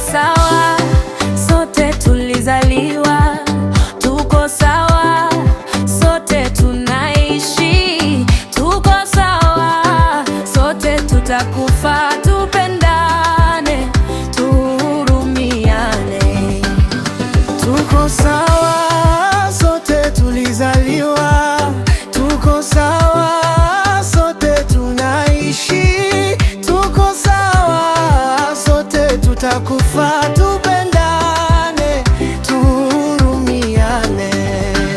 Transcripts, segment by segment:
sawa, sote tulizaliwa, tuko sawa, sote tunaishi, tuko sawa, sote tutaku tutakufa tupendane, tuhurumiane,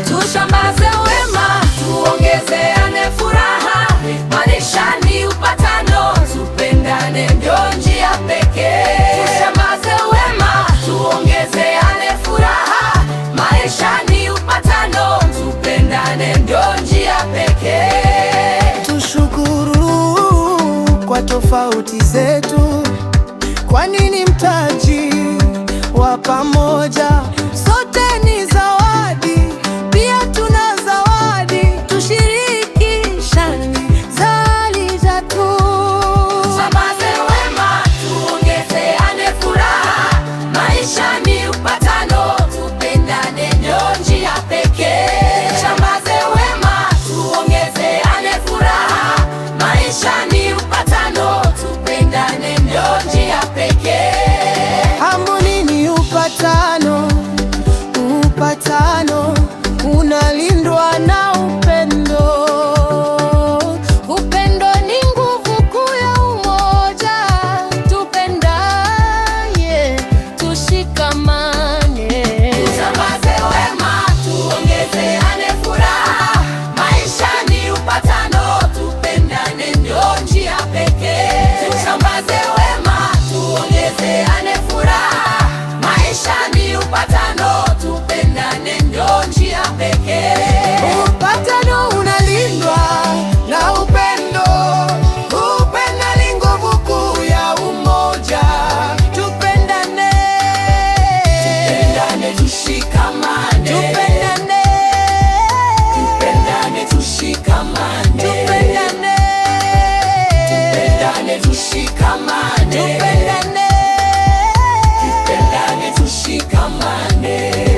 tushambaze wema, tuongezeane furaha, maisha ni upatano, tupendane ndio njia pekee. Tushambaze wema, tuongezeane furaha, maisha ni upatano, tupendane ndio njia pekee. Tushukuru kwa tofauti zetu pamoja. Jumatano unali Tushikamane, tupendane, tushikamane